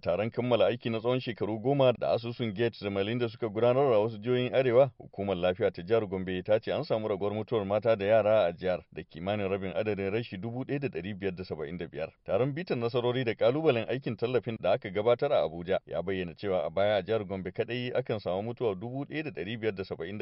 taron kammala aiki na tsawon shekaru goma da asusun gates da malinda suka gudanar a wasu jihohin arewa hukumar lafiya ta jihar gombe ta ce an samu raguwar mutuwar mata da yara a jihar da kimanin rabin adadin rashi biyar. taron bitan nasarori da kalubalen aikin tallafin da aka gabatar a abuja ya bayyana cewa a baya a jihar gombe kadai akan samu mutuwa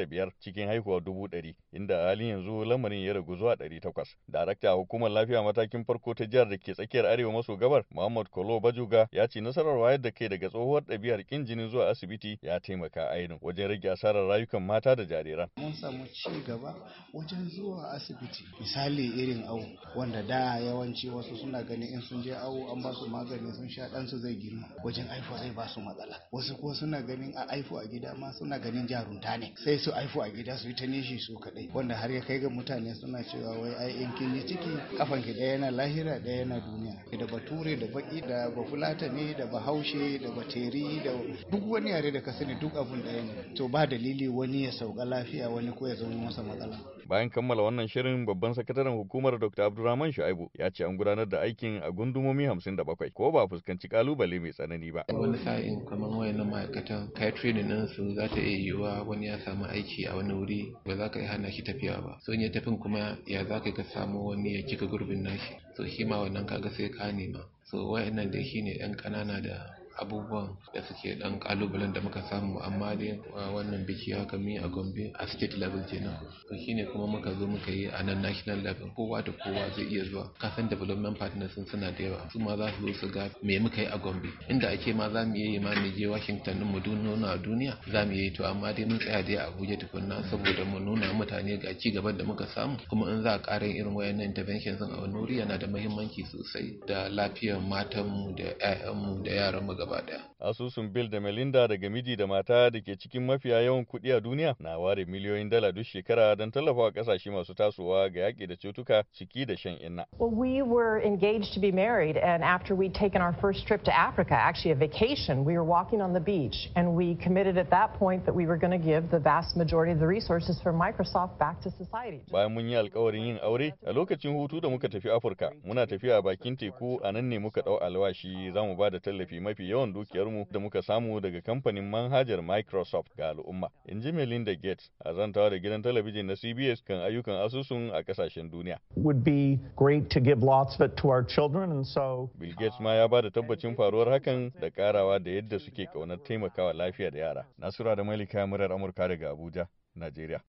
biyar cikin haihuwa ɗari, inda a halin yanzu lamarin ya ragu zuwa takwas. darakta hukumar lafiya matakin farko ta jihar da ke tsakiyar arewa maso gabar muhammad kolo bajuga ya ce nasarar nasarar wayar da kai daga tsohuwar ɗabi'ar kin jinin zuwa asibiti ya taimaka ainihin wajen rage asarar rayukan mata da jariran. Mun samu ci gaba wajen zuwa asibiti. Misali irin awo wanda da yawanci wasu suna ganin in sun je awo an ba su magani sun sha ɗansu zai girma wajen aifo zai ba su matsala. Wasu kuwa suna ganin a aifo a gida ma suna ganin jarunta ne sai su aifo a gida su yi ta nishi su kaɗai wanda har ya kai ga mutane suna cewa wai ai in kin yi ciki kafan ki ɗaya yana lahira ɗaya yana duniya. Da bature da baki da bafulata ne da ba bahaushe da bateri da duk wani yare da ka sani duk abun ɗaya ne to ba dalili wani ya sauka lafiya wani ko ya zama masa matsala Bayan kammala wannan shirin babban sakataren hukumar Dr. Abdurrahman Shu'aibu ya ce an gudanar da aikin a gundumomi hamsin da 57 ko ba fuskanci kalubale mai tsanani ba. Wani sa'in kamar wayannan ma'aikatan kai training nan su za ta iya yiwuwa wani ya samu aiki a wani wuri ba za ka yi hana shi tafiya ba. So ya tafin kuma ya za ka samu wani ya kika gurbin nashi. So shi ma wannan kaga sai ka nema. So wayannan dai shine 'yan kanana da abubuwan da suke dan kalubalen da muka samu amma dai wannan biki haka mi a Gombe a state level kenan to shine kuma muka zo muka yi a nan national level kowa da kowa zai iya zuwa kasan development partners sun suna da yawa su ma za su zo su ga me muka yi a Gombe inda ake ma za mu yi ma mu je Washington din mu nuna duniya za mu yi to amma dai mun tsaya dai a Abuja tukunna saboda mu nuna mutane ga ci gaban da muka samu kuma in za a ƙara irin wayannan interventions a wani yana da muhimmanci sosai da lafiyar mu da 'ya'yanmu da yaranmu gaba gaba daya. Asusun Bill da Melinda daga miji da mata da ke cikin mafiya yawan kuɗi a duniya na ware miliyoyin dala duk shekara don tallafawa kasashe masu tasowa ga yaƙi da cutuka ciki da shan inna. Well, we were engaged to be married and after we'd taken our first trip to Africa, actually a vacation, we were walking on the beach and we committed at that point that we were going to give the vast majority of the resources from Microsoft back to society. Bayan mun yi alkawarin yin aure a lokacin hutu da muka tafi Afirka, muna tafiya bakin teku a nan ne muka ɗau alwashi za mu ba da tallafi mafi yawan yawan dukiyarmu da muka samu daga kamfanin manhajar Microsoft ga al'umma. In ji Melinda Gates a zantawa da gidan talabijin na CBS kan ayyukan asusun a kasashen duniya. Would be great to give lots of it to our children and so Bill Gates ma ya ba da tabbacin faruwar hakan da karawa da yadda suke kaunar taimakawa lafiya da yara. Nasura da Malika murar Amurka daga Abuja, Najeriya.